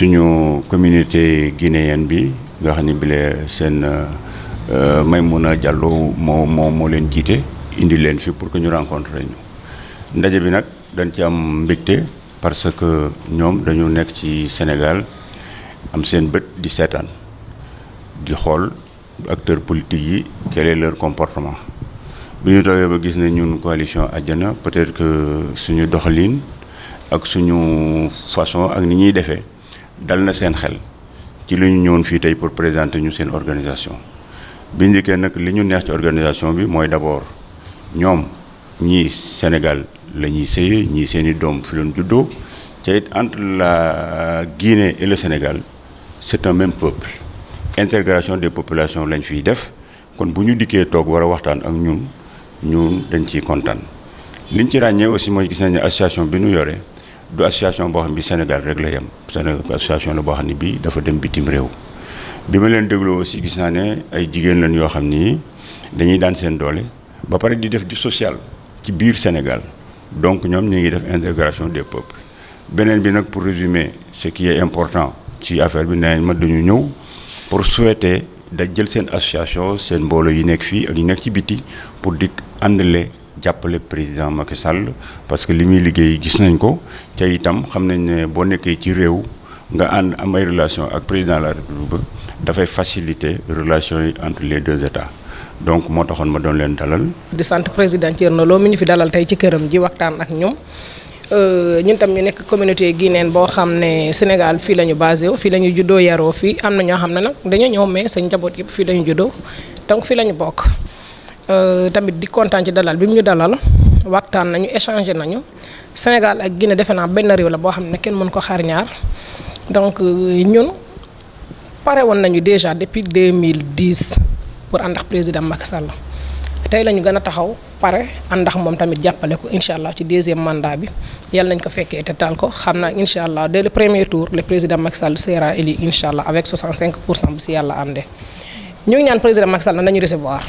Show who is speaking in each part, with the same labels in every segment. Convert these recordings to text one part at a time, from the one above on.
Speaker 1: suñu communauté guinéenne bi nga xamni bilé sen euh maymuna diallo mo mo mo len jité indi len fi pour que ñu rencontrer ñu ndaje bi nak dañ ci am mbikté parce que ñom dañu nek ci Sénégal am sen bëtt di sétane di xol acteurs politiques yi quel est leur comportement ñu tawé ba gis né ñun coalition aljana peut-être que suñu doxaline ak suñu façon ak ni ñi défé dal na seen xel ci li ñu ñëwoon fii tey pour présenter ñu seen organisation bi njëkkee nag li ñu neex ci organisation bi mooy d'abord ñoom ñii Sénégal la ñuy sëyee ñii seen i doom fi leen juddoo entre la euh, Guinée et le Sénégal c'est un même peuple intégration des populations lañ fiy def kon bu ñu dikkee toog war a waxtaan ak ñun ñun dañ ciy kontaan liñ ci ràññee aussi mooy gis nañ ne association bi ñu yore du association boo xam ne bi Sénégal rek la yem Sénégal association la boo xam ne bii dafa dem bitim réew bi ma leen dégloo aussi gis naa ne ay jigéen lañ yoo xam ni dañuy daan seen doole ba pare di def du social ci biir Sénégal donc ñoom ñu ngi def intégration des peuples beneen bi nag pour résumer ce qui est important ci affaire bi nee ma dañu ñëw pour souhaiter da jël seen association seen mbooloo yi nekk fii ak yi nekk ci biti pour di àndale jàppale président Macky Sall parce que li muy liggéey gis nañ ko te itam xam nañ ne boo nekkee ci réew nga ànd am relation ak président de la République dafay faciliter relation yi entre les deux états donc moo taxoon ma doon leen dalal.
Speaker 2: di sant président Thierno Lo mi ñu fi dalal tey ci këram ji waxtaan ak ñoom euh, ñun tam ñu nekk communauté guinéenne boo xam ne Sénégal fii la ñu basé wu fii la ñu yaroo fii am na ñoo xam ne nag dañoo ñëw mais seen njaboot yëpp fii la ñu juddoo fii la ñu bokk. Euh, tamit di kontaan ci dalal bimu ñu dalal waxtaan nañu échanger nañu Sénégal ak Guinée défé na ben réew la bo xamné ne kenn mën ko xaar ñaar donc euh, ñun paré won nañu déjà depuis 2010 pour andax président Macky Sall tay lañu gëna taxaw pare andax mom tamit jappalé ko inshallah ci deuxième mandat bi yàlla nañ ko féké té tal ko xamna inshallah dès le premier tour le président Macky Sall sera élu inshallah avec 65 bu si yalla andé ñu ñaan président Macky Sall nañu recevoir.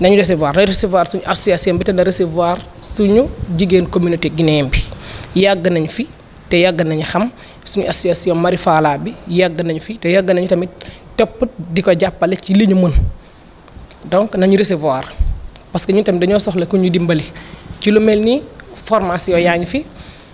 Speaker 2: nañu recevoir na resevoir suñu association bi te na recevoir suñu jigéen communauté guinéen bi yàgg nañu fi te yàgg nañu xam suñu association Marifala bi yàgg nañu fi te yàgg nañu tamit topp di ko jàppale ci li ñu mën donc nañu recevoir parce que ñun tamit dañoo soxla ku ñu dimbali ci lu mel ni formation yaa ngi fi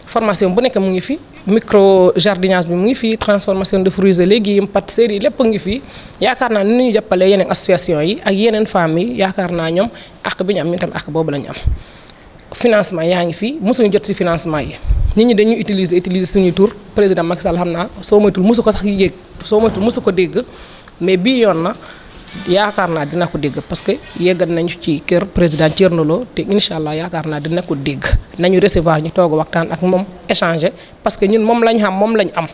Speaker 2: formation bu nekk mu ngi fi. micro jardinage bi mu ngi fii transformation de fruits et légumes pâtisserie lépp a ngi fii yaakaar naa ni ñu jàppalee yeneen association yi ak yeneen femmes yi yaakaar naa ñoom ak bi ñu am ñu tamit ak boobu lañu am financement yaa ngi fii mosuñu jot ci financement yi nit ñi dañuy utiliser utiliser suñu tur président Macky Sall xam naa soo moytul mosu ko sax yéeg soo moytul mosu ko dégg mais bii yoon na yaakaar naa dina ko dégg parce que yeggal nañu ci kër président Thierno Lo te incha allah yaakaar naa dina ko dégg nañu recevoir ñu toog waxtaan ak moom échanger parce que ñun moom lañ xam moom lañ am.